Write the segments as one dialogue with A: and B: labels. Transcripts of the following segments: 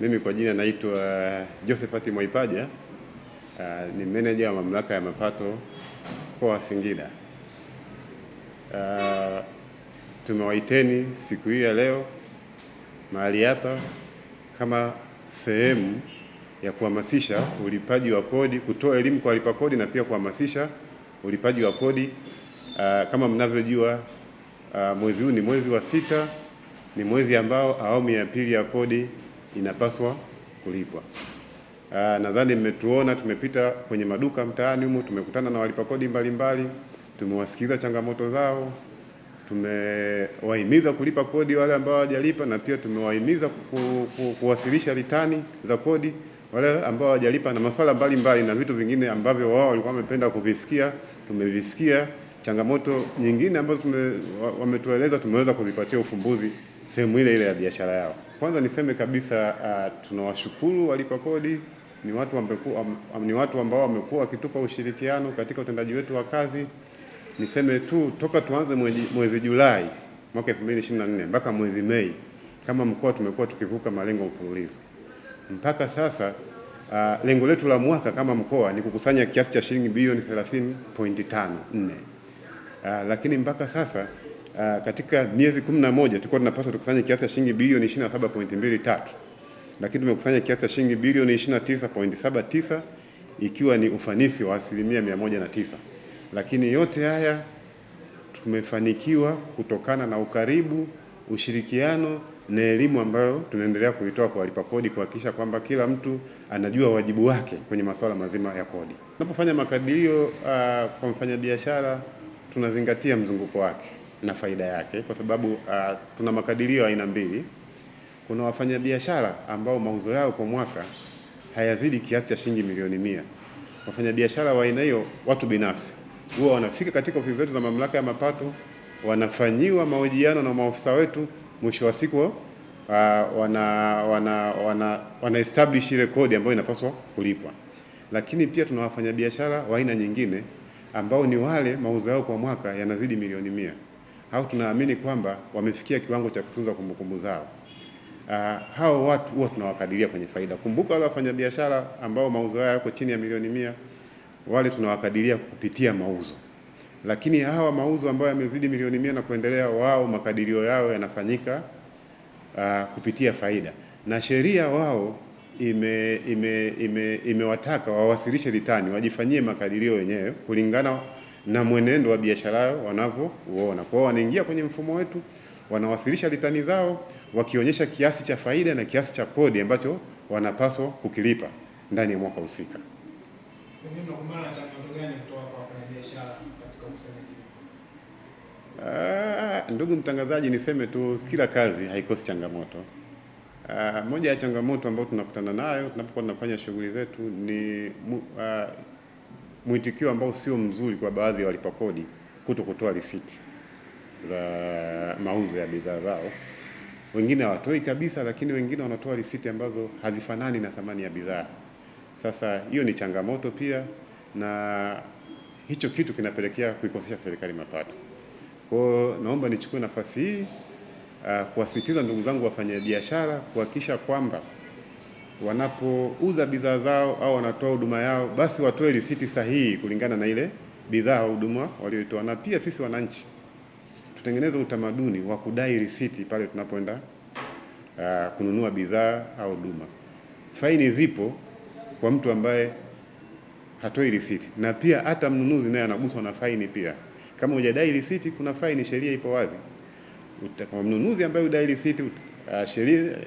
A: Mimi kwa jina naitwa eh, Josephati Mwaipaja, eh, ni meneja wa mamlaka ya mapato mkoa wa Singida. Eh, tumewaiteni siku hii ya leo mahali hapa kama sehemu ya kuhamasisha ulipaji wa kodi, kutoa elimu kwa walipa kodi na pia kuhamasisha ulipaji wa kodi. Kama mnavyojua, mwezi huu ni mwezi wa sita, ni mwezi ambao awamu ya pili ya kodi inapaswa kulipwa. Ah, nadhani mmetuona tumepita kwenye maduka mtaani humo tumekutana na walipa kodi mbalimbali, tumewasikiliza changamoto zao, tumewahimiza kulipa kodi wale ambao hawajalipa, na pia tumewahimiza ku, ku, kuwasilisha ritani za kodi wale ambao hawajalipa, na masuala mbalimbali na vitu vingine ambavyo wao walikuwa wamependa kuvisikia, tumevisikia. Changamoto nyingine ambazo tume, wametueleza tumeweza kuzipatia ufumbuzi sehemu ile ile ya biashara yao. Kwanza niseme kabisa uh, tunawashukuru walipa kodi ni watu, ambao ni watu ambao wamekuwa wakitupa ushirikiano katika utendaji wetu wa kazi. Niseme tu toka tuanze mwezi, mwezi Julai mwaka 2024 mpaka mwezi Mei kama mkoa tumekuwa tukivuka malengo mfululizo mpaka sasa. Uh, lengo letu la mwaka kama mkoa ni kukusanya kiasi cha shilingi bilioni 30.54. Uh, lakini mpaka sasa uh, katika miezi 11 tulikuwa tunapaswa tukusanye kiasi cha shilingi bilioni 27.23 lakini tumekusanya kiasi cha shilingi bilioni 29.79 ikiwa ni ufanisi wa asilimia 109. Lakini yote haya tumefanikiwa kutokana na ukaribu, ushirikiano na elimu ambayo tunaendelea kuitoa kwa walipa kodi kuhakikisha kwamba kila mtu anajua wajibu wake kwenye masuala mazima ya kodi. Tunapofanya makadirio uh, kwa mfanyabiashara tunazingatia mzunguko wake na faida yake, kwa sababu uh, tuna makadirio aina mbili. Kuna wafanyabiashara ambao mauzo yao kwa mwaka hayazidi kiasi cha shilingi milioni mia. Wafanyabiashara wa aina hiyo, watu binafsi, huwa wanafika katika ofisi zetu za mamlaka ya mapato, wanafanyiwa mahojiano na maofisa wetu, mwisho wa siku uh, wana, wana, wana, wana establish ile kodi ambayo inapaswa kulipwa. Lakini pia tuna wafanyabiashara wa aina nyingine ambao ni wale mauzo yao kwa mwaka yanazidi milioni mia au tunaamini kwamba wamefikia kiwango cha kutunza kumbukumbu zao. Uh, hao watu huwa tunawakadiria kwenye faida. Kumbuka wale wafanyabiashara ambao mauzo yao yako chini ya milioni mia, wale tunawakadiria kupitia mauzo, lakini hawa mauzo ambayo yamezidi milioni mia na kuendelea, wao makadirio yao yanafanyika uh, kupitia faida, na sheria wao ime, ime, ime, imewataka wawasilishe ritani, wajifanyie makadirio wenyewe kulingana na mwenendo wa biashara yao wanavyouona. Kwa hiyo wanaingia kwenye mfumo wetu, wanawasilisha litani zao wakionyesha kiasi cha faida na kiasi cha kodi ambacho wanapaswa kukilipa ndani ya mwaka husika. Ah, ndugu mtangazaji, niseme tu kila kazi haikosi changamoto. Aa, ah, moja ya changamoto ambayo tunakutana nayo tunapokuwa tunafanya shughuli zetu ni ah, mwitikio ambao sio mzuri kwa baadhi ya walipa kodi kuto kutoa risiti za mauzo ya bidhaa zao. Wengine hawatoi kabisa, lakini wengine wanatoa risiti ambazo hazifanani na thamani ya bidhaa. Sasa hiyo ni changamoto pia, na hicho kitu kinapelekea kuikosesha serikali mapato. Kwa hiyo naomba nichukue nafasi hii uh, kuwasisitiza ndugu zangu wafanyabiashara kuhakikisha kwamba wanapouza bidhaa zao au wanatoa huduma yao, basi watoe risiti sahihi kulingana na ile bidhaa au huduma walioitoa. Na pia sisi wananchi tutengeneze utamaduni wa kudai risiti pale tunapoenda uh, kununua bidhaa au huduma. Faini zipo kwa mtu ambaye hatoi risiti, na pia hata mnunuzi naye anaguswa na faini pia. Kama hujadai risiti, kuna faini, sheria ipo wazi. Kwa mnunuzi ambaye hudai risiti uh, sheria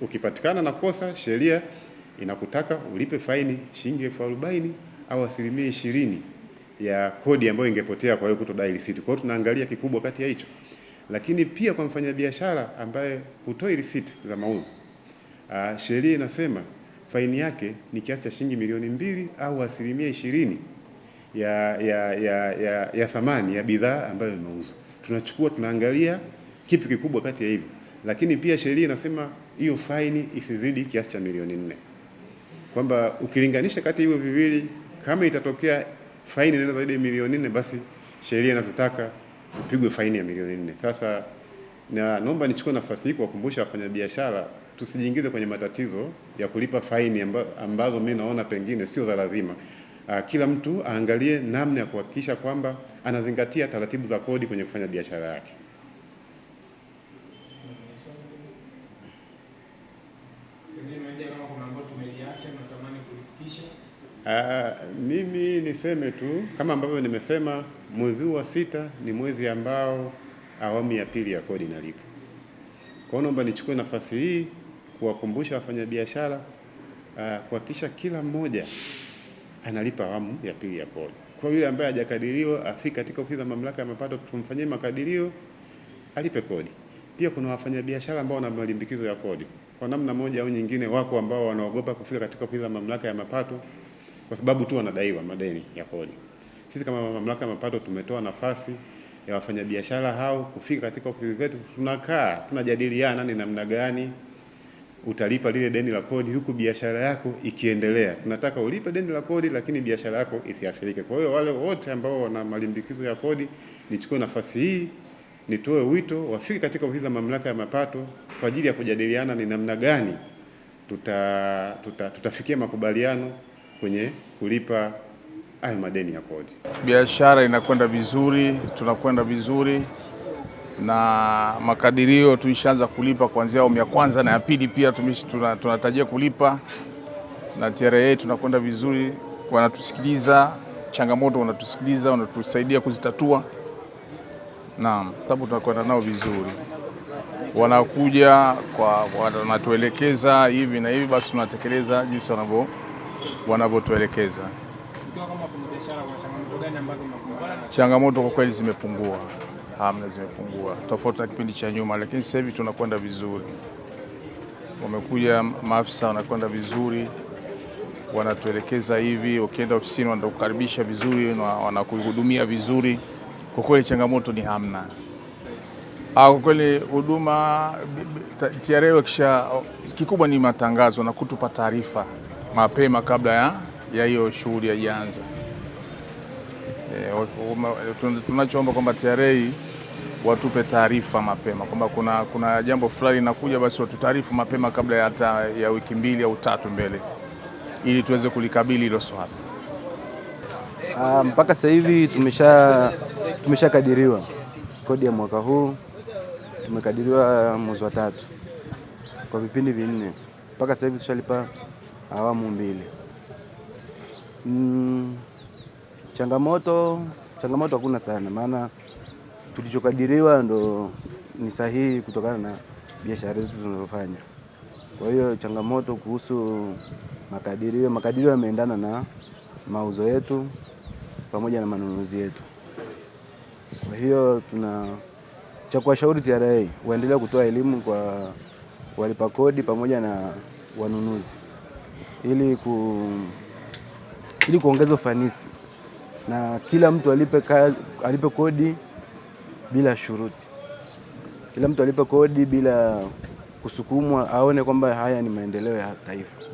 A: ukipatikana na kosa, sheria inakutaka ulipe faini shilingi elfu arobaini au asilimia ishirini ya kodi ambayo ingepotea kwa hiyo kutodai risiti. Kwa hiyo tunaangalia kikubwa kati ya hicho, lakini pia kwa mfanyabiashara ambaye hutoi risiti za mauzo uh, sheria inasema faini yake ni kiasi cha shilingi milioni mbili au asilimia ishirini ya, ya, ya, ya, ya thamani ya bidhaa ambayo imeuzwa. Tunachukua tunaangalia kipi kikubwa kati ya hivi lakini pia sheria inasema hiyo faini isizidi kiasi cha milioni nne, kwamba ukilinganisha kati hivyo viwili, kama itatokea faini inaenda zaidi ya milioni nne, basi sheria inatutaka upigwe faini ya milioni nne. Sasa na naomba nichukue nafasi hii kuwakumbusha wafanyabiashara tusijiingize kwenye matatizo ya kulipa faini ambazo mimi naona pengine sio za lazima. Ah, kila mtu aangalie namna ya kuhakikisha kwamba anazingatia taratibu za kodi kwenye kufanya biashara yake. Uh, mimi niseme tu kama ambavyo nimesema mwezi wa sita ni mwezi ambao awamu ya pili ya kodi inalipwa. Kwa hiyo naomba nichukue nafasi hii kuwakumbusha wafanyabiashara ah, kuhakikisha kila mmoja analipa awamu ya pili ya kodi. Kwa yule ambaye hajakadiriwa afike katika ofisi za mamlaka ya mapato tumfanyie makadirio alipe kodi. Pia kuna wafanyabiashara ambao wana malimbikizo ya kodi. Kwa namna moja au nyingine, wako ambao wanaogopa kufika katika ofisi za mamlaka ya mapato kwa sababu tu wanadaiwa madeni ya kodi. Sisi kama mamlaka ya mapato tumetoa nafasi ya wafanyabiashara hao kufika katika ofisi zetu, tunakaa tunajadiliana ni namna gani utalipa lile deni la kodi huku biashara yako ikiendelea. Tunataka ulipe deni la kodi, lakini biashara yako isiathirike. Kwa hiyo wale wote ambao wana malimbikizo ya kodi, nichukue nafasi hii nitoe wito wafike katika ofisi za mamlaka ya mapato kwa ajili ya kujadiliana ni namna gani tuta, tuta, tutafikia makubaliano kwenye kulipa hayo madeni ya kodi.
B: Biashara inakwenda vizuri, tunakwenda vizuri na makadirio tuishaanza kulipa kuanzia awamu ya kwanza na ya pili, pia tunatarajia kulipa na TRA tunakwenda vizuri, wanatusikiliza changamoto, wanatusikiliza wanatusaidia kuzitatua. na sababu tunakwenda nao vizuri, wanakuja kwa wanatuelekeza hivi na hivi, basi tunatekeleza jinsi wanavyo wanavyotuelekeza. Changamoto kwa kweli zimepungua, hamna, zimepungua tofauti na kipindi cha nyuma, lakini sasa hivi tunakwenda vizuri. Wamekuja maafisa wanakwenda vizuri, wanatuelekeza hivi, ukienda ofisini wanakukaribisha vizuri, wanakuhudumia vizuri. Kwa kweli changamoto ni hamna. Ah, kwa kweli huduma TRA kisha kikubwa ni matangazo na kutupa taarifa mapema kabla ya ya hiyo shughuli haijaanza. Eh, tunachoomba kwamba TRA watupe taarifa mapema kwamba kuna, kuna jambo fulani linakuja, basi watutaarifu mapema kabla ya hata ya wiki mbili au tatu mbele ili tuweze kulikabili hilo swala.
C: Ah, mpaka sasa hivi tumesha tumeshakadiriwa kodi ya mwaka huu tumekadiriwa ah, mwezi wa tatu kwa vipindi vinne, mpaka sasa hivi tushalipa awamu mbili. Mm, changamoto changamoto hakuna sana, maana tulichokadiriwa ndo ni sahihi kutokana na biashara zetu tunazofanya. Kwa hiyo changamoto kuhusu makadirio, makadirio yameendana na mauzo yetu pamoja na manunuzi yetu. Kwa hiyo tuna cha kuwashauri TRA waendelee kutoa elimu kwa walipa kodi pamoja na wanunuzi ili, ku, ili kuongeza ufanisi na kila mtu alipe, alipe kodi bila shuruti, kila mtu alipe kodi bila kusukumwa, aone kwamba haya ni maendeleo ya taifa.